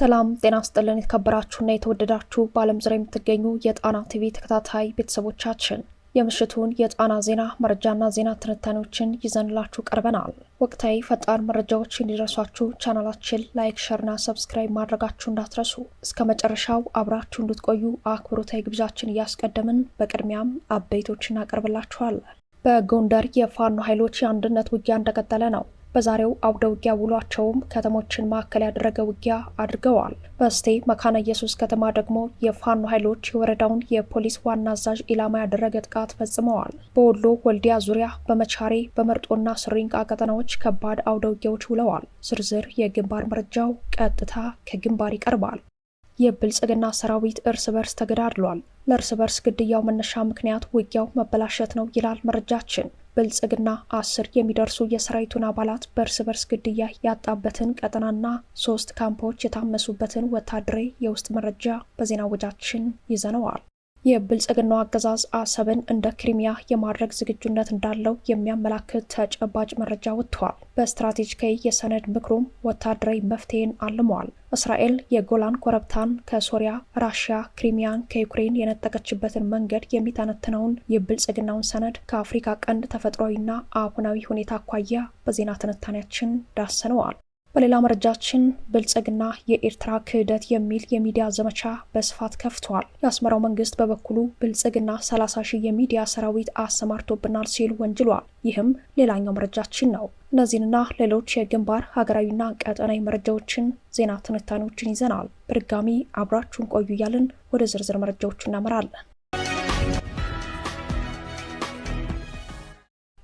ሰላም ጤና ስጥልን። የተከበራችሁና የተወደዳችሁ በዓለም ዙሪያ የምትገኙ የጣና ቲቪ ተከታታይ ቤተሰቦቻችን የምሽቱን የጣና ዜና መረጃና ዜና ትንታኔዎችን ይዘንላችሁ ቀርበናል። ወቅታዊ ፈጣን መረጃዎች እንዲደርሷችሁ ቻናላችን ላይክ፣ ሸርና ሰብስክራይብ ማድረጋችሁ እንዳትረሱ እስከ መጨረሻው አብራችሁ እንድትቆዩ አክብሮታዊ ግብዣችን እያስቀደምን በቅድሚያም አበይቶች እናቀርብላችኋለን። በጎንደር የፋኖ ኃይሎች የአንድነት ውጊያ እንደቀጠለ ነው። በዛሬው አውደ ውጊያ ውሏቸውም ከተሞችን ማዕከል ያደረገ ውጊያ አድርገዋል። በስቴ መካነ ኢየሱስ ከተማ ደግሞ የፋኖ ኃይሎች የወረዳውን የፖሊስ ዋና አዛዥ ኢላማ ያደረገ ጥቃት ፈጽመዋል። በወሎ ወልዲያ ዙሪያ በመቻሬ በመርጦና ስሪንቃ ቀጠናዎች ከባድ አውደ ውጊያዎች ውለዋል። ዝርዝር የግንባር መረጃው ቀጥታ ከግንባር ይቀርባል። የብልጽግና ሰራዊት እርስ በርስ ተገዳድሏል። ለእርስ በርስ ግድያው መነሻ ምክንያት ውጊያው መበላሸት ነው ይላል መረጃችን። ብልጽግና አስር የሚደርሱ የሰራዊቱን አባላት በእርስ በርስ ግድያ ያጣበትን ቀጠናና ሶስት ካምፖች የታመሱበትን ወታደራዊ የውስጥ መረጃ በዜና ወጃችን ይዘነዋል። የብልጽግናው አገዛዝ አሰብን እንደ ክሪሚያ የማድረግ ዝግጁነት እንዳለው የሚያመላክት ተጨባጭ መረጃ ወጥቷል። በስትራቴጂካዊ የሰነድ ምክሩም ወታደራዊ መፍትሄን አልመዋል። እስራኤል የጎላን ኮረብታን ከሶሪያ፣ ራሽያ ክሪሚያን ከዩክሬን የነጠቀችበትን መንገድ የሚተነትነውን የብልጽግናውን ሰነድ ከአፍሪካ ቀንድ ተፈጥሯዊና አሁናዊ ሁኔታ አኳያ በዜና ትንታኔያችን ዳሰነዋል። በሌላ መረጃችን ብልጽግና የኤርትራ ክህደት የሚል የሚዲያ ዘመቻ በስፋት ከፍቷል። የአስመራው መንግስት በበኩሉ ብልጽግና 30 ሺህ የሚዲያ ሰራዊት አሰማርቶብናል ሲል ወንጅሏል። ይህም ሌላኛው መረጃችን ነው። እነዚህንና ሌሎች የግንባር ሀገራዊና ቀጠናዊ መረጃዎችን፣ ዜና ትንታኔዎችን ይዘናል። በድጋሚ አብራችሁን ቆዩ እያልን ወደ ዝርዝር መረጃዎቹ እናመራለን።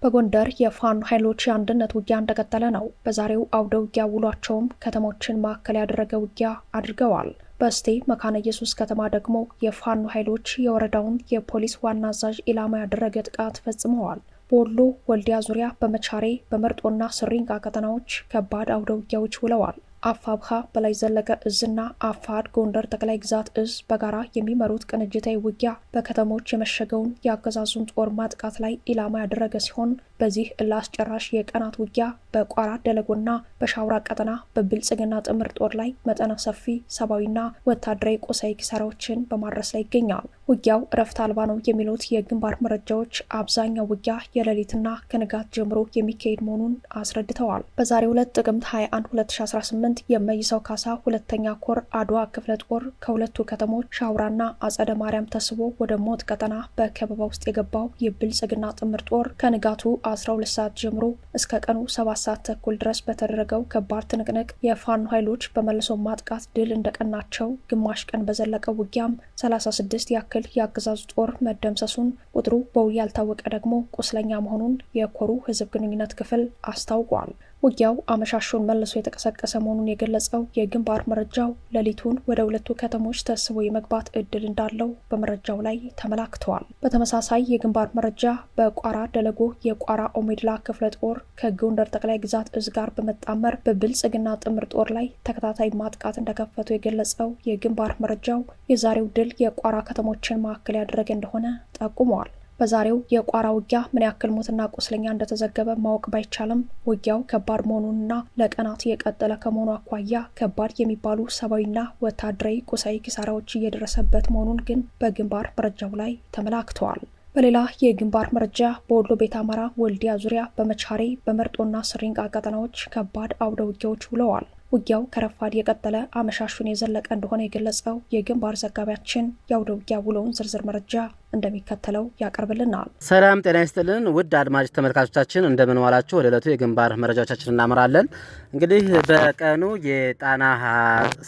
በጎንደር የፋኖ ኃይሎች የአንድነት ውጊያ እንደቀጠለ ነው። በዛሬው አውደ ውጊያ ውሏቸውም ከተሞችን ማዕከል ያደረገ ውጊያ አድርገዋል። በእስቴ መካነ ኢየሱስ ከተማ ደግሞ የፋኖ ኃይሎች የወረዳውን የፖሊስ ዋና አዛዥ ኢላማ ያደረገ ጥቃት ፈጽመዋል። በወሎ ወልዲያ ዙሪያ በመቻሬ በመርጦና ስሪንቃ ቀጠናዎች ከባድ አውደ ውጊያዎች ውለዋል። አፋብሃ በላይ ዘለቀ እዝና አፋድ ጎንደር ጠቅላይ ግዛት እዝ በጋራ የሚመሩት ቅንጅታዊ ውጊያ በከተሞች የመሸገውን የአገዛዙን ጦር ማጥቃት ላይ ኢላማ ያደረገ ሲሆን በዚህ ላስጨራሽ የቀናት ውጊያ በቋራ ደለጎና በሻውራ ቀጠና በብልጽግና ጥምር ጦር ላይ መጠነ ሰፊ ሰብአዊና ወታደራዊ ቁሳዊ ኪሳራዎችን በማድረስ ላይ ይገኛል። ውጊያው እረፍት አልባ ነው የሚሉት የግንባር መረጃዎች አብዛኛው ውጊያ የሌሊትና ከንጋት ጀምሮ የሚካሄድ መሆኑን አስረድተዋል። በዛሬው ዕለት ጥቅምት 21 2018 የመይሰው ካሳ ሁለተኛ ኮር አድዋ ክፍለ ጦር ከሁለቱ ከተሞች ሻውራና አጸደ ማርያም ተስቦ ወደ ሞት ቀጠና በከበባ ውስጥ የገባው የብልጽግና ጥምር ጦር ከንጋቱ 12 ሰዓት ጀምሮ እስከ ቀኑ 7 ሰዓት ተኩል ድረስ በተደረገው ከባድ ትንቅንቅ የፋኖ ኃይሎች በመልሶ ማጥቃት ድል እንደቀናቸው፣ ግማሽ ቀን በዘለቀው ውጊያም 36 ያ ያክል የአገዛዙ ጦር መደምሰሱን፣ ቁጥሩ በውል ያልታወቀ ደግሞ ቁስለኛ መሆኑን የኮሩ ህዝብ ግንኙነት ክፍል አስታውቋል። ውጊያው አመሻሹን መልሶ የተቀሰቀሰ መሆኑን የገለጸው የግንባር መረጃው ሌሊቱን ወደ ሁለቱ ከተሞች ተስቦ የመግባት እድል እንዳለው በመረጃው ላይ ተመላክተዋል። በተመሳሳይ የግንባር መረጃ በቋራ ደለጎ የቋራ ኦሜድላ ክፍለ ጦር ከጎንደር ጠቅላይ ግዛት እዝ ጋር በመጣመር በብልጽግና ጥምር ጦር ላይ ተከታታይ ማጥቃት እንደከፈቱ የገለጸው የግንባር መረጃው የዛሬው ድል የቋራ ከተሞችን ማዕከል ያደረገ እንደሆነ ጠቁመዋል። በዛሬው የቋራ ውጊያ ምን ያክል ሞትና ቁስለኛ እንደተዘገበ ማወቅ ባይቻልም ውጊያው ከባድ መሆኑንና ለቀናት የቀጠለ ከመሆኑ አኳያ ከባድ የሚባሉ ሰብአዊና ወታደራዊ ቁሳዊ ኪሳራዎች እየደረሰበት መሆኑን ግን በግንባር መረጃው ላይ ተመላክተዋል። በሌላ የግንባር መረጃ በወሎ ቤት አማራ ወልዲያ ዙሪያ በመቻሬ በመርጦና ስሪንቃ ቀጠናዎች ከባድ አውደ ውጊያዎች ውለዋል። ውጊያው ከረፋድ የቀጠለ አመሻሹን የዘለቀ እንደሆነ የገለጸው የግንባር ዘጋቢያችን የአውደ ውጊያ ውለውን ዝርዝር መረጃ እንደሚከተለው ያቀርብልናል። ሰላም ጤና ይስጥልን ውድ አድማጭ ተመልካቾቻችን እንደምን ዋላችሁ። ወደ ዕለቱ የግንባር መረጃዎቻችን እናመራለን። እንግዲህ በቀኑ የጣና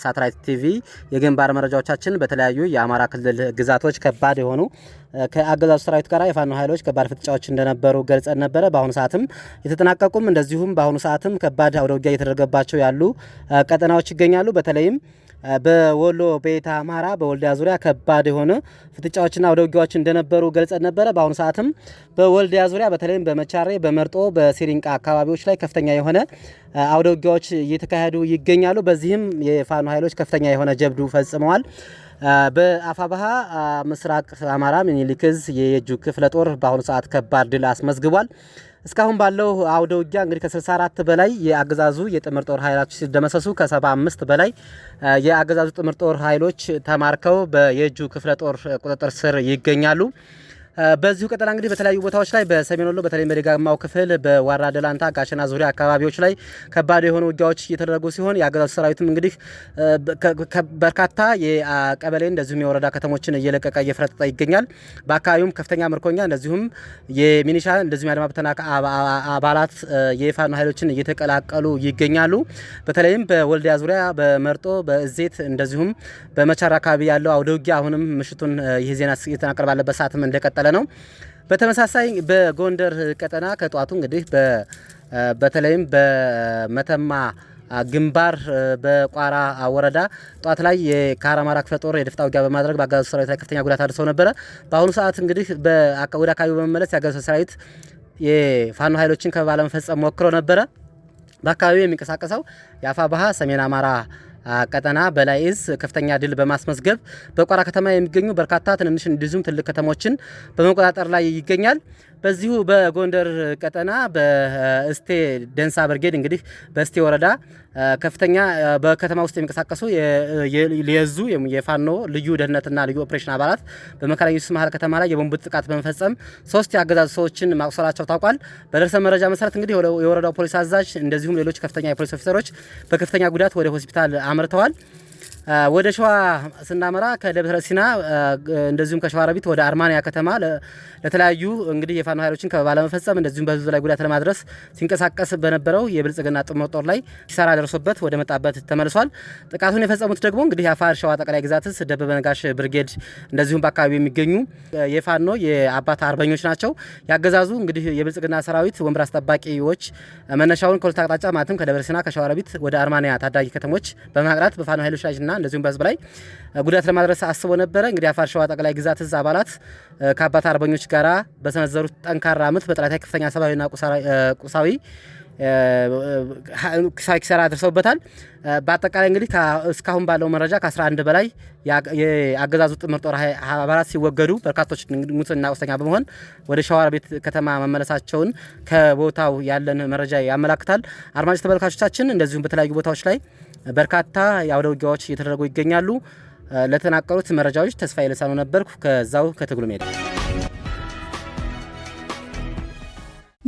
ሳተላይት ቲቪ የግንባር መረጃዎቻችን በተለያዩ የአማራ ክልል ግዛቶች ከባድ የሆኑ ከአገዛዙ ሰራዊት ጋር የፋኖ ኃይሎች ከባድ ፍጥጫዎች እንደነበሩ ገልጸን ነበረ። በአሁኑ ሰዓትም የተጠናቀቁም እንደዚሁም በአሁኑ ሰዓትም ከባድ አውደውጊያ እየተደረገባቸው ያሉ ቀጠናዎች ይገኛሉ። በተለይም በወሎ ቤተ አማራ በወልዲያ ዙሪያ ከባድ የሆነ ፍጥጫዎችና አውደ ውጊያዎች እንደነበሩ ገልጸን ነበረ። በአሁኑ ሰዓትም በወልዲያ ዙሪያ በተለይም በመቻሬ፣ በመርጦ፣ በሲሪንቃ አካባቢዎች ላይ ከፍተኛ የሆነ አውደ ውጊያዎች እየተካሄዱ ይገኛሉ። በዚህም የፋኖ ኃይሎች ከፍተኛ የሆነ ጀብዱ ፈጽመዋል። በአፋባሃ ምስራቅ አማራ ሚኒሊክዝ የየጁ ክፍለ ጦር በአሁኑ ሰዓት ከባድ ድል አስመዝግቧል። እስካሁን ባለው አውደ ውጊያ እንግዲህ ከ64 በላይ የአገዛዙ የጥምር ጦር ኃይሎች ሲደመሰሱ ከ75 በላይ የአገዛዙ ጥምር ጦር ኃይሎች ተማርከው በየእጁ ክፍለ ጦር ቁጥጥር ስር ይገኛሉ። በዚሁ ቀጠና እንግዲህ በተለያዩ ቦታዎች ላይ በሰሜን ወሎ በተለይ በደጋማው ክፍል በዋራ ደላንታ፣ ጋሸና ዙሪያ አካባቢዎች ላይ ከባድ የሆኑ ውጊያዎች እየተደረጉ ሲሆን የአገዛዙ ሰራዊትም እንግዲህ በርካታ የቀበሌ እንደዚሁም የወረዳ ከተሞችን እየለቀቀ እየፈረጠጠ ይገኛል። በአካባቢውም ከፍተኛ ምርኮኛ እንደዚሁም የሚኒሻ እንደዚሁም የአድማ ብተና አባላት የፋኖ ኃይሎችን እየተቀላቀሉ ይገኛሉ። በተለይም በወልዲያ ዙሪያ በመርጦ በእዜት እንደዚሁም በመቻር አካባቢ ያለው አውደ ውጊያ አሁንም ምሽቱን ይህ ዜና የተናቀረ ባለበት ሰዓትም እንደቀጠለ ነው። በተመሳሳይ በጎንደር ቀጠና ከጧቱ እንግዲህ በተለይም በመተማ ግንባር በቋራ ወረዳ ጧት ላይ የካራማራ ክፍለ ጦር የደፈጣ ውጊያ በማድረግ በአገዛዙ ሰራዊት ላይ ከፍተኛ ጉዳት አድርሰው ነበረ። በአሁኑ ሰዓት እንግዲህ ወደ አካባቢው በመመለስ የአገዛዙ ሰራዊት የፋኖ ኃይሎችን ከበባ ለመፈጸም ሞክሮ ነበረ። በአካባቢው የሚንቀሳቀሰው የአፋ ባሃ ሰሜን አማራ ቀጠና በላይ እዝ ከፍተኛ ድል በማስመዝገብ በቋራ ከተማ የሚገኙ በርካታ ትንንሽ እንደዚሁም ትልቅ ከተሞችን በመቆጣጠር ላይ ይገኛል። በዚሁ በጎንደር ቀጠና በእስቴ ደንሳ ብርጌድ እንግዲህ በእስቴ ወረዳ ከፍተኛ በከተማ ውስጥ የሚንቀሳቀሱ የዙ የፋኖ ልዩ ደህንነትና ልዩ ኦፕሬሽን አባላት በመካነ ኢየሱስ መሀል ከተማ ላይ የቦምብ ጥቃት በመፈጸም ሶስት የአገዛዙ ሰዎችን ማቁሰላቸው ታውቋል። በደረሰ መረጃ መሰረት እንግዲህ የወረዳው ፖሊስ አዛዥ እንደዚሁም ሌሎች ከፍተኛ የፖሊስ ኦፊሰሮች በከፍተኛ ጉዳት ወደ ሆስፒታል አምርተዋል። ወደ ሸዋ ስናመራ ከደብረ ሲና እንደዚሁም ከሸዋረቢት ወደ አርማንያ ከተማ ለተለያዩ እንግዲህ የፋኖ ኃይሎችን ከበባ ለመፈጸም እንደዚሁም በህዝብ ላይ ጉዳት ለማድረስ ሲንቀሳቀስ በነበረው የብልጽግና ጥምር ጦር ላይ ኪሳራ ደርሶበት ወደ መጣበት ተመልሷል። ጥቃቱን የፈጸሙት ደግሞ እንግዲህ የአፋር ሸዋ ጠቅላይ ግዛትስ ደበበ ነጋሽ ብርጌድ እንደዚሁም በአካባቢው የሚገኙ የፋኖ የአባት አርበኞች ናቸው። ያገዛዙ እንግዲህ የብልጽግና ሰራዊት ወንበር አስጠባቂዎች መነሻውን ከሁለት አቅጣጫ ማለትም ከደብረ ሲና ከሸዋሮቢት ወደ አርማንያ ታዳጊ ከተሞች በማቅራት በፋኖ ኃይሎች ላይና እንደዚሁም በህዝብ ላይ ጉዳት ለማድረስ አስቦ ነበረ። እንግዲህ አፋር ሸዋ ጠቅላይ ግዛት እዝ አባላት ከአባት አርበኞች ጋራ በሰነዘሩት ጠንካራ ምት በጠላት ከፍተኛ ሰብአዊና ቁሳዊ ኪሳራ አድርሰውበታል። በአጠቃላይ እንግዲህ እስካሁን ባለው መረጃ ከ11 በላይ የአገዛዙ ጥምር ጦር አባላት ሲወገዱ በርካቶች ሙትና ቁስለኛ በመሆን ወደ ሸዋሮቢት ቤት ከተማ መመለሳቸውን ከቦታው ያለን መረጃ ያመላክታል። አድማጭ ተመልካቾቻችን እንደዚሁም በተለያዩ ቦታዎች ላይ በርካታ የአውደ ውጊያዎች እየተደረጉ ይገኛሉ። ለተናቀሩት መረጃዎች ተስፋዬ ልሳኑ ነበርኩ ከዛው ከትግሉ ሜዳ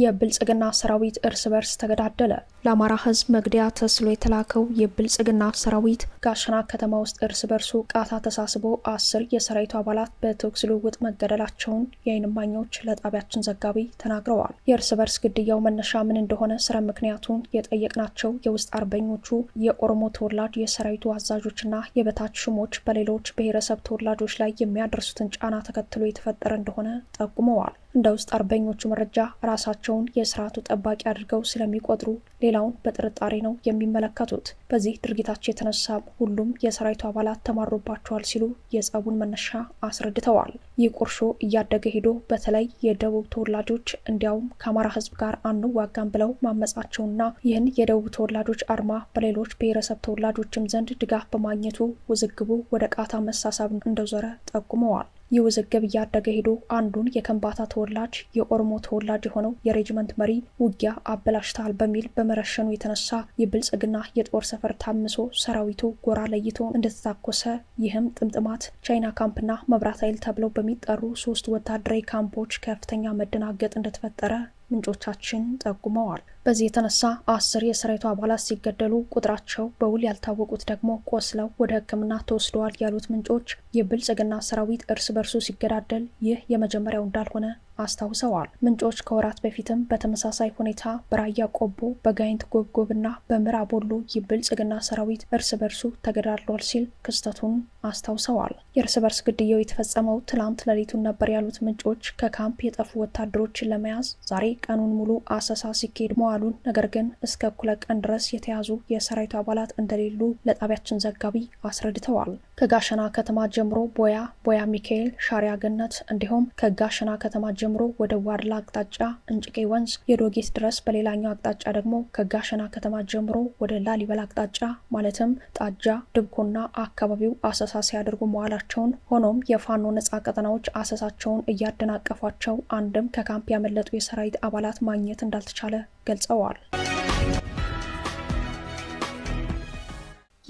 የብልጽግና ሰራዊት እርስ በርስ ተገዳደለ። ለአማራ ሕዝብ መግደያ ተስሎ የተላከው የብልጽግና ሰራዊት ጋሸና ከተማ ውስጥ እርስ በርሱ ቃታ ተሳስቦ አስር የሰራዊቱ አባላት በተኩስ ልውውጥ መገደላቸውን የዓይን እማኞች ለጣቢያችን ዘጋቢ ተናግረዋል። የእርስ በርስ ግድያው መነሻ ምን እንደሆነ ስረ ምክንያቱን የጠየቅናቸው የውስጥ አርበኞቹ የኦሮሞ ተወላጅ የሰራዊቱ አዛዦችና የበታች ሹሞች በሌሎች ብሔረሰብ ተወላጆች ላይ የሚያደርሱትን ጫና ተከትሎ የተፈጠረ እንደሆነ ጠቁመዋል። እንደ ውስጥ አርበኞቹ መረጃ ራሳቸውን የስርዓቱ ጠባቂ አድርገው ስለሚቆጥሩ ሌላውን በጥርጣሬ ነው የሚመለከቱት። በዚህ ድርጊታቸው የተነሳ ሁሉም የሰራዊቱ አባላት ተማሮባቸዋል ሲሉ የጸቡን መነሻ አስረድተዋል። ይህ ቁርሾ እያደገ ሄዶ በተለይ የደቡብ ተወላጆች እንዲያውም ከአማራ ሕዝብ ጋር አንዋጋም ብለው ማመጻቸውና ይህን የደቡብ ተወላጆች አርማ በሌሎች ብሔረሰብ ተወላጆችም ዘንድ ድጋፍ በማግኘቱ ውዝግቡ ወደ ቃታ መሳሳብ እንደዞረ ጠቁመዋል። ይህ ውዝግብ እያደገ ሄዶ አንዱን የከንባታ ተወላጅ የኦሮሞ ተወላጅ የሆነው የሬጅመንት መሪ ውጊያ አበላሽታል በሚል በመረሸኑ የተነሳ የብልጽግና የጦር ሰፈር ታምሶ ሰራዊቱ ጎራ ለይቶ እንደተታኮሰ ይህም ጥምጥማት፣ ቻይና ካምፕና መብራት ኃይል ተብለው በሚጠሩ ሶስት ወታደራዊ ካምፖች ከፍተኛ መደናገጥ እንደተፈጠረ ምንጮቻችን ጠቁመዋል። በዚህ የተነሳ አስር የሰራዊቱ አባላት ሲገደሉ ቁጥራቸው በውል ያልታወቁት ደግሞ ቆስለው ወደ ሕክምና ተወስደዋል ያሉት ምንጮች የብልጽግና ሰራዊት እርስ በርሱ ሲገዳደል ይህ የመጀመሪያው እንዳልሆነ አስታውሰዋል። ምንጮች ከወራት በፊትም በተመሳሳይ ሁኔታ በራያ ቆቦ፣ በጋይንት ጎብጎብና በምዕራብ ወሎ የብልጽግና ሰራዊት እርስ በርሱ ተገዳድሏል ሲል ክስተቱን አስታውሰዋል። የእርስ በርስ ግድያው የተፈጸመው ትላንት ሌሊቱን ነበር ያሉት ምንጮች ከካምፕ የጠፉ ወታደሮችን ለመያዝ ዛሬ ቀኑን ሙሉ አሰሳ ሲካሄድ መዋሉን፣ ነገር ግን እስከ እኩለ ቀን ድረስ የተያዙ የሰራዊቱ አባላት እንደሌሉ ለጣቢያችን ዘጋቢ አስረድተዋል። ከጋሸና ከተማ ጀምሮ ቦያ፣ ቦያ ሚካኤል፣ ሻሪያ ገነት እንዲሁም ከጋሸና ከተማ ጀምሮ ወደ ዋድላ አቅጣጫ እንጭቄ ወንዝ የዶጌት ድረስ፣ በሌላኛው አቅጣጫ ደግሞ ከጋሸና ከተማ ጀምሮ ወደ ላሊበላ አቅጣጫ ማለትም ጣጃ ድብኮና አካባቢው አሰሳ ሲያደርጉ መዋላቸውን ሆኖም የፋኖ ነጻ ቀጠናዎች አሰሳቸውን እያደናቀፏቸው አንድም ከካምፕ ያመለጡ የሰራዊት አባላት ማግኘት እንዳልተቻለ ገልጸዋል።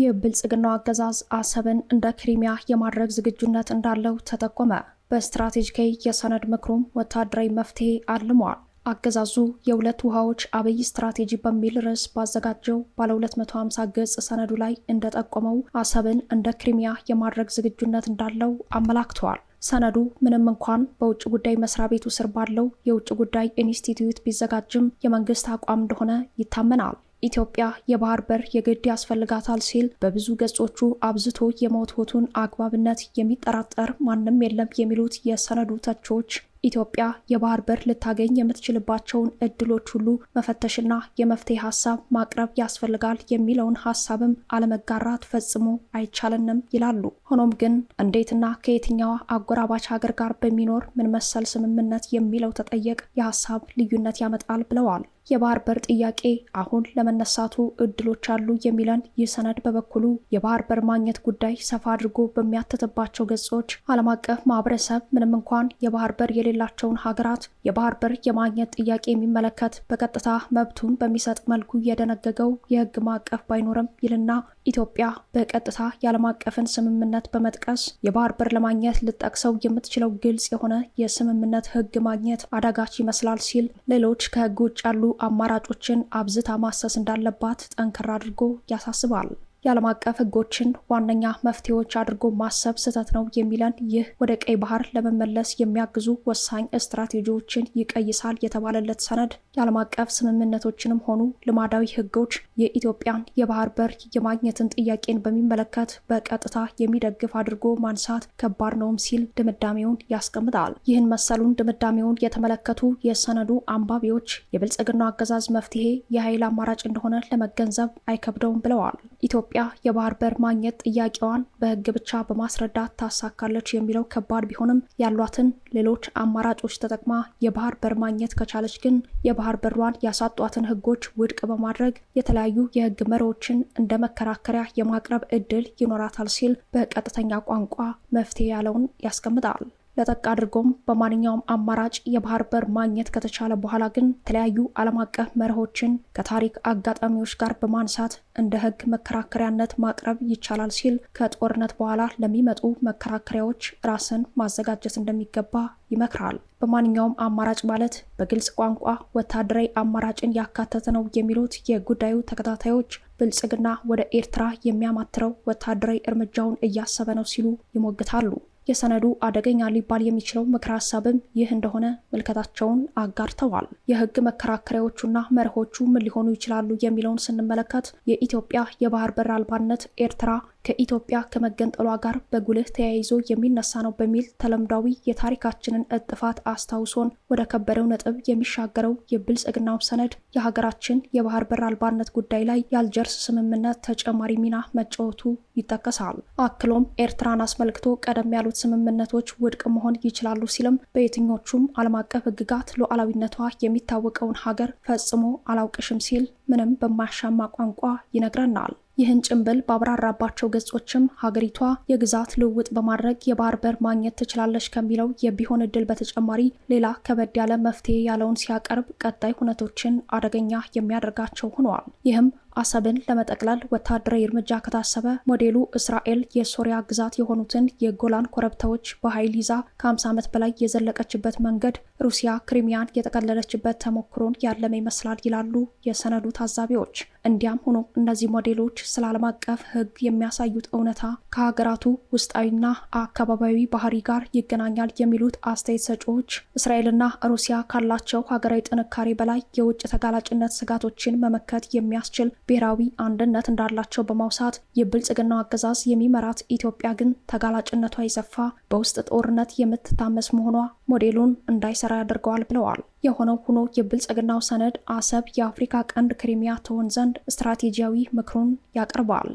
የብልጽግናው አገዛዝ አሰብን እንደ ክሪሚያ የማድረግ ዝግጁነት እንዳለው ተጠቆመ። በስትራቴጂካዊ የሰነድ ምክሩም ወታደራዊ መፍትሄ አልሟል። አገዛዙ የሁለት ውሃዎች አብይ ስትራቴጂ በሚል ርዕስ ባዘጋጀው ባለ 250 ገጽ ሰነዱ ላይ እንደጠቆመው አሰብን እንደ ክሪሚያ የማድረግ ዝግጁነት እንዳለው አመላክተዋል። ሰነዱ ምንም እንኳን በውጭ ጉዳይ መስሪያ ቤቱ ስር ባለው የውጭ ጉዳይ ኢንስቲትዩት ቢዘጋጅም የመንግስት አቋም እንደሆነ ይታመናል። ኢትዮጵያ የባህር በር የግድ ያስፈልጋታል ሲል በብዙ ገጾቹ አብዝቶ የመወትወቱን አግባብነት የሚጠራጠር ማንም የለም የሚሉት የሰነዱ ተቾች ኢትዮጵያ የባህር በር ልታገኝ የምትችልባቸውን እድሎች ሁሉ መፈተሽና የመፍትሄ ሀሳብ ማቅረብ ያስፈልጋል የሚለውን ሀሳብም አለመጋራት ፈጽሞ አይቻልንም ይላሉ። ሆኖም ግን እንዴትና ከየትኛዋ አጎራባች ሀገር ጋር በሚኖር ምን መሰል ስምምነት የሚለው ተጠየቅ የሀሳብ ልዩነት ያመጣል ብለዋል። የባህር በር ጥያቄ አሁን ለመነሳቱ እድሎች አሉ የሚለን ይህ ሰነድ በበኩሉ የባህር በር ማግኘት ጉዳይ ሰፋ አድርጎ በሚያተትባቸው ገጾች ዓለም አቀፍ ማህበረሰብ ምንም እንኳን የባህር በር የሌላቸውን ሀገራት የባህር በር የማግኘት ጥያቄ የሚመለከት በቀጥታ መብቱን በሚሰጥ መልኩ የደነገገው የህግ ማዕቀፍ ባይኖርም ይልና ኢትዮጵያ በቀጥታ የዓለም አቀፍን ስምምነት በመጥቀስ የባህር በር ለማግኘት ልጠቅሰው የምትችለው ግልጽ የሆነ የስምምነት ህግ ማግኘት አዳጋች ይመስላል ሲል ሌሎች ከህግ ውጭ ያሉ አማራጮችን አብዝታ ማሰስ እንዳለባት ጠንከር አድርጎ ያሳስባል። የዓለም አቀፍ ህጎችን ዋነኛ መፍትሄዎች አድርጎ ማሰብ ስህተት ነው የሚለን ይህ ወደ ቀይ ባህር ለመመለስ የሚያግዙ ወሳኝ ስትራቴጂዎችን ይቀይሳል የተባለለት ሰነድ የዓለም አቀፍ ስምምነቶችንም ሆኑ ልማዳዊ ህጎች የኢትዮጵያን የባህር በር የማግኘትን ጥያቄን በሚመለከት በቀጥታ የሚደግፍ አድርጎ ማንሳት ከባድ ነውም ሲል ድምዳሜውን ያስቀምጣል። ይህን መሰሉን ድምዳሜውን የተመለከቱ የሰነዱ አንባቢዎች የብልጽግናው አገዛዝ መፍትሄ የኃይል አማራጭ እንደሆነ ለመገንዘብ አይከብደውም ብለዋል። ኢትዮጵያ የባህር በር ማግኘት ጥያቄዋን በህግ ብቻ በማስረዳት ታሳካለች የሚለው ከባድ ቢሆንም ያሏትን ሌሎች አማራጮች ተጠቅማ የባህር በር ማግኘት ከቻለች ግን የባህር በሯን ያሳጧትን ህጎች ውድቅ በማድረግ የተለያዩ የህግ መሪዎችን እንደ መከራከሪያ የማቅረብ እድል ይኖራታል ሲል በቀጥተኛ ቋንቋ መፍትሄ ያለውን ያስቀምጣል። ለጠቅ አድርጎም በማንኛውም አማራጭ የባህር በር ማግኘት ከተቻለ በኋላ ግን የተለያዩ ዓለም አቀፍ መርሆችን ከታሪክ አጋጣሚዎች ጋር በማንሳት እንደ ሕግ መከራከሪያነት ማቅረብ ይቻላል ሲል ከጦርነት በኋላ ለሚመጡ መከራከሪያዎች ራስን ማዘጋጀት እንደሚገባ ይመክራል። በማንኛውም አማራጭ ማለት በግልጽ ቋንቋ ወታደራዊ አማራጭን ያካተተ ነው የሚሉት የጉዳዩ ተከታታዮች ብልጽግና ወደ ኤርትራ የሚያማትረው ወታደራዊ እርምጃውን እያሰበ ነው ሲሉ ይሞግታሉ። የሰነዱ አደገኛ ሊባል የሚችለው ምክረ ሀሳብም ይህ እንደሆነ ምልከታቸውን አጋርተዋል። የህግ መከራከሪያዎቹና መርሆቹ ምን ሊሆኑ ይችላሉ የሚለውን ስንመለከት የኢትዮጵያ የባህር በር አልባነት ኤርትራ ከኢትዮጵያ ከመገንጠሏ ጋር በጉልህ ተያይዞ የሚነሳ ነው በሚል ተለምዳዊ የታሪካችንን እጥፋት አስታውሶን ወደ ከበደው ነጥብ የሚሻገረው የብልጽግናው ሰነድ የሀገራችን የባህር በር አልባነት ጉዳይ ላይ የአልጀርስ ስምምነት ተጨማሪ ሚና መጫወቱ ይጠቀሳል። አክሎም ኤርትራን አስመልክቶ ቀደም ያሉት ስምምነቶች ውድቅ መሆን ይችላሉ ሲልም በየትኞቹም ዓለም አቀፍ ሕግጋት ሉዓላዊነቷ የሚታወቀውን ሀገር ፈጽሞ አላውቅሽም ሲል ምንም በማያሻማ ቋንቋ ይነግረናል። ይህን ጭንብል ባብራራባቸው ገጾችም ሀገሪቷ የግዛት ልውውጥ በማድረግ የባህር በር ማግኘት ትችላለች ከሚለው የቢሆን እድል በተጨማሪ ሌላ ከበድ ያለ መፍትሄ ያለውን ሲያቀርብ ቀጣይ ሁነቶችን አደገኛ የሚያደርጋቸው ሆነዋል። ይህም አሰብን ለመጠቅለል ወታደራዊ እርምጃ ከታሰበ ሞዴሉ እስራኤል የሶሪያ ግዛት የሆኑትን የጎላን ኮረብታዎች በኃይል ይዛ ከ50 ዓመት በላይ የዘለቀችበት መንገድ ሩሲያ ክሪሚያን የጠቀለለችበት ተሞክሮን ያለመ ይመስላል ይላሉ የሰነዱ ታዛቢዎች። እንዲያም ሆኖ እነዚህ ሞዴሎች ስለ ዓለም አቀፍ ሕግ የሚያሳዩት እውነታ ከሀገራቱ ውስጣዊና አካባቢያዊ ባህሪ ጋር ይገናኛል የሚሉት አስተያየት ሰጪዎች እስራኤልና ሩሲያ ካላቸው ሀገራዊ ጥንካሬ በላይ የውጭ ተጋላጭነት ስጋቶችን መመከት የሚያስችል ብሔራዊ አንድነት እንዳላቸው በማውሳት የብልጽግናው አገዛዝ የሚመራት ኢትዮጵያ ግን ተጋላጭነቷ የሰፋ በውስጥ ጦርነት የምትታመስ መሆኗ ሞዴሉን እንዳይሰራ ያደርገዋል ብለዋል። የሆነው ሆኖ የብልጽግናው ሰነድ አሰብ የአፍሪካ ቀንድ ክሪሚያ ትሆን ዘንድ ስትራቴጂያዊ ምክሩን ያቀርባል።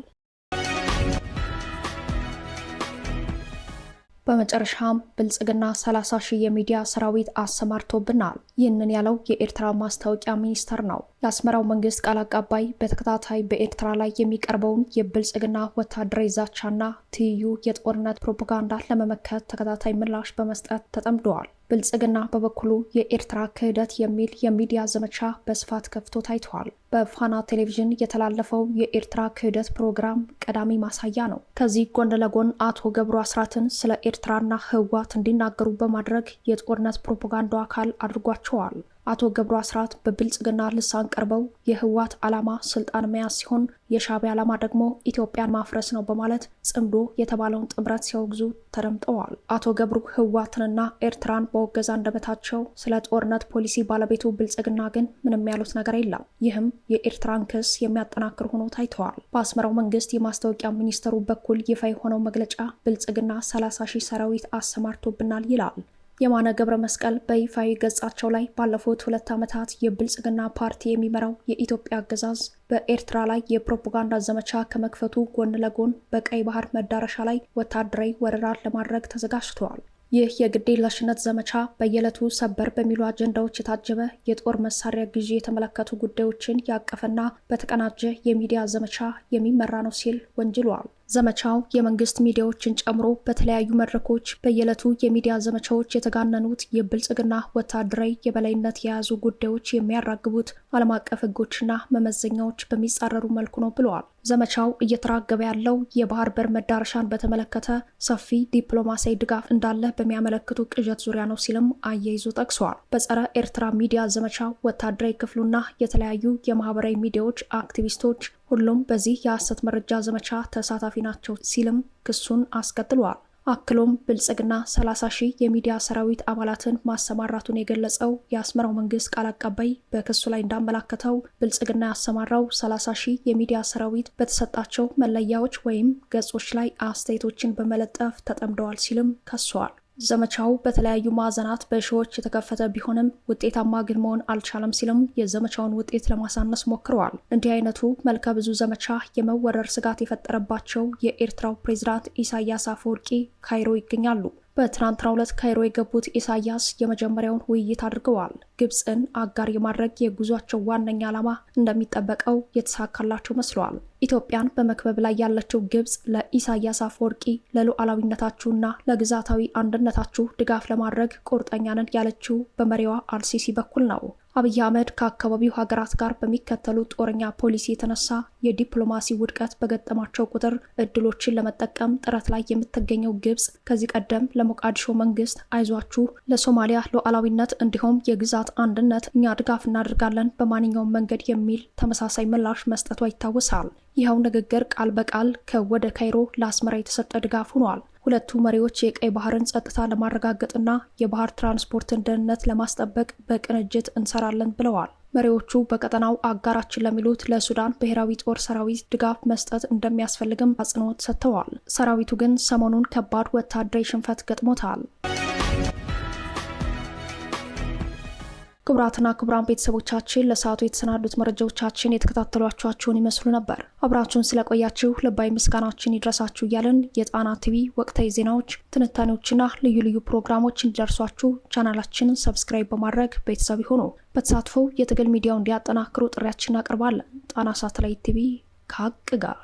በመጨረሻም ብልጽግና 30 ሺህ የሚዲያ ሰራዊት አሰማርቶብናል። ይህንን ያለው የኤርትራ ማስታወቂያ ሚኒስተር ነው። የአስመራው መንግስት ቃል አቀባይ በተከታታይ በኤርትራ ላይ የሚቀርበውን የብልጽግና ወታደራዊ ዛቻና ትይዩ የጦርነት ፕሮፓጋንዳ ለመመከት ተከታታይ ምላሽ በመስጠት ተጠምደዋል። ብልጽግና በበኩሉ የኤርትራ ክህደት የሚል የሚዲያ ዘመቻ በስፋት ከፍቶ ታይተዋል። በፋና ቴሌቪዥን የተላለፈው የኤርትራ ክህደት ፕሮግራም ቀዳሚ ማሳያ ነው። ከዚህ ጎን ለጎን አቶ ገብሩ አስራትን ስለ ኤርትራና ህወሓት እንዲናገሩ በማድረግ የጦርነት ፕሮፓጋንዳ አካል አድርጓቸዋል። አቶ ገብሩ አስራት በብልጽግና ልሳን ቀርበው የህወሓት ዓላማ ስልጣን መያዝ ሲሆን የሻዕቢያ ዓላማ ደግሞ ኢትዮጵያን ማፍረስ ነው በማለት ጽምዶ የተባለውን ጥምረት ሲያወግዙ ተደምጠዋል። አቶ ገብሩ ህወሓትንና ኤርትራን በወገዛ አንደበታቸው ስለ ጦርነት ፖሊሲ ባለቤቱ ብልጽግና ግን ምንም ያሉት ነገር የለም። ይህም የኤርትራን ክስ የሚያጠናክር ሆኖ ታይተዋል። በአስመራው መንግስት የማስታወቂያ ሚኒስተሩ በኩል ይፋ የሆነው መግለጫ ብልጽግና 30 ሺህ ሰራዊት አሰማርቶብናል ይላል። የማነ ገብረ መስቀል በይፋዊ ገጻቸው ላይ ባለፉት ሁለት ዓመታት የብልጽግና ፓርቲ የሚመራው የኢትዮጵያ አገዛዝ በኤርትራ ላይ የፕሮፓጋንዳ ዘመቻ ከመክፈቱ ጎን ለጎን በቀይ ባህር መዳረሻ ላይ ወታደራዊ ወረራ ለማድረግ ተዘጋጅተዋል። ይህ የግዴለሽነት ዘመቻ በየዕለቱ ሰበር በሚሉ አጀንዳዎች የታጀበ የጦር መሳሪያ ግዢ የተመለከቱ ጉዳዮችን ያቀፈና በተቀናጀ የሚዲያ ዘመቻ የሚመራ ነው ሲል ወንጅሏል። ዘመቻው የመንግስት ሚዲያዎችን ጨምሮ በተለያዩ መድረኮች በየዕለቱ የሚዲያ ዘመቻዎች የተጋነኑት የብልጽግና ወታደራዊ የበላይነት የያዙ ጉዳዮች የሚያራግቡት ዓለም አቀፍ ሕጎችና መመዘኛዎች በሚጻረሩ መልኩ ነው ብለዋል። ዘመቻው እየተራገበ ያለው የባህር በር መዳረሻን በተመለከተ ሰፊ ዲፕሎማሲያዊ ድጋፍ እንዳለ በሚያመለክቱ ቅዠት ዙሪያ ነው ሲልም አያይዞ ጠቅሰዋል። በጸረ ኤርትራ ሚዲያ ዘመቻ ወታደራዊ ክፍሉና የተለያዩ የማህበራዊ ሚዲያዎች አክቲቪስቶች ሁሉም በዚህ የሐሰት መረጃ ዘመቻ ተሳታፊ ናቸው ሲልም ክሱን አስከትሏል። አክሎም ብልጽግና 30 ሺህ የሚዲያ ሰራዊት አባላትን ማሰማራቱን የገለጸው የአስመራው መንግስት ቃል አቀባይ በክሱ ላይ እንዳመላከተው ብልጽግና ያሰማራው 30 ሺህ የሚዲያ ሰራዊት በተሰጣቸው መለያዎች ወይም ገጾች ላይ አስተያየቶችን በመለጠፍ ተጠምደዋል ሲልም ከሷል። ዘመቻው በተለያዩ ማዕዘናት በሺዎች የተከፈተ ቢሆንም ውጤታማ ግን መሆን አልቻለም ሲልም የዘመቻውን ውጤት ለማሳነስ ሞክረዋል። እንዲህ አይነቱ መልከ ብዙ ዘመቻ የመወረር ስጋት የፈጠረባቸው የኤርትራው ፕሬዚዳንት ኢሳያስ አፈወርቂ ካይሮ ይገኛሉ። በትናንትናው ዕለት ካይሮ የገቡት ኢሳያስ የመጀመሪያውን ውይይት አድርገዋል። ግብፅን አጋር የማድረግ የጉዟቸው ዋነኛ ዓላማ እንደሚጠበቀው የተሳካላቸው መስለዋል። ኢትዮጵያን በመክበብ ላይ ያለችው ግብጽ ለኢሳያስ አፈወርቂ ለሉዓላዊነታችሁና ለግዛታዊ አንድነታችሁ ድጋፍ ለማድረግ ቁርጠኛ ነን ያለችው በመሪዋ አልሲሲ በኩል ነው። አብይ አህመድ ከአካባቢው ሀገራት ጋር በሚከተሉ ጦረኛ ፖሊሲ የተነሳ የዲፕሎማሲ ውድቀት በገጠማቸው ቁጥር እድሎችን ለመጠቀም ጥረት ላይ የምትገኘው ግብጽ ከዚህ ቀደም ለሞቃዲሾ መንግስት አይዟችሁ፣ ለሶማሊያ ሉዓላዊነት እንዲሁም የግዛት አንድነት እኛ ድጋፍ እናደርጋለን በማንኛውም መንገድ የሚል ተመሳሳይ ምላሽ መስጠቷ ይታወሳል። ይኸው ንግግር ቃል በቃል ከወደ ካይሮ ለአስመራ የተሰጠ ድጋፍ ሆኗል። ሁለቱ መሪዎች የቀይ ባህርን ጸጥታ ለማረጋገጥና የባህር ትራንስፖርትን ደህንነት ለማስጠበቅ በቅንጅት እንሰራለን ብለዋል። መሪዎቹ በቀጠናው አጋራችን ለሚሉት ለሱዳን ብሔራዊ ጦር ሰራዊት ድጋፍ መስጠት እንደሚያስፈልግም አጽንኦት ሰጥተዋል። ሰራዊቱ ግን ሰሞኑን ከባድ ወታደራዊ ሽንፈት ገጥሞታል። ክቡራትና ክቡራን ቤተሰቦቻችን ለሰዓቱ የተሰናዱት መረጃዎቻችን የተከታተሏችኋቸውን ይመስሉ ነበር። አብራችሁን ስለቆያችሁ ልባዊ ምስጋናችን ይድረሳችሁ እያለን የጣና ቲቪ ወቅታዊ ዜናዎች፣ ትንታኔዎችና ልዩ ልዩ ፕሮግራሞች እንዲደርሷችሁ ቻናላችንን ሰብስክራይብ በማድረግ ቤተሰብ ይሁኑ። በተሳትፎ የትግል ሚዲያውን እንዲያጠናክሩ ጥሪያችን እናቀርባለን። ጣና ሳተላይት ቲቪ ከሀቅ ጋር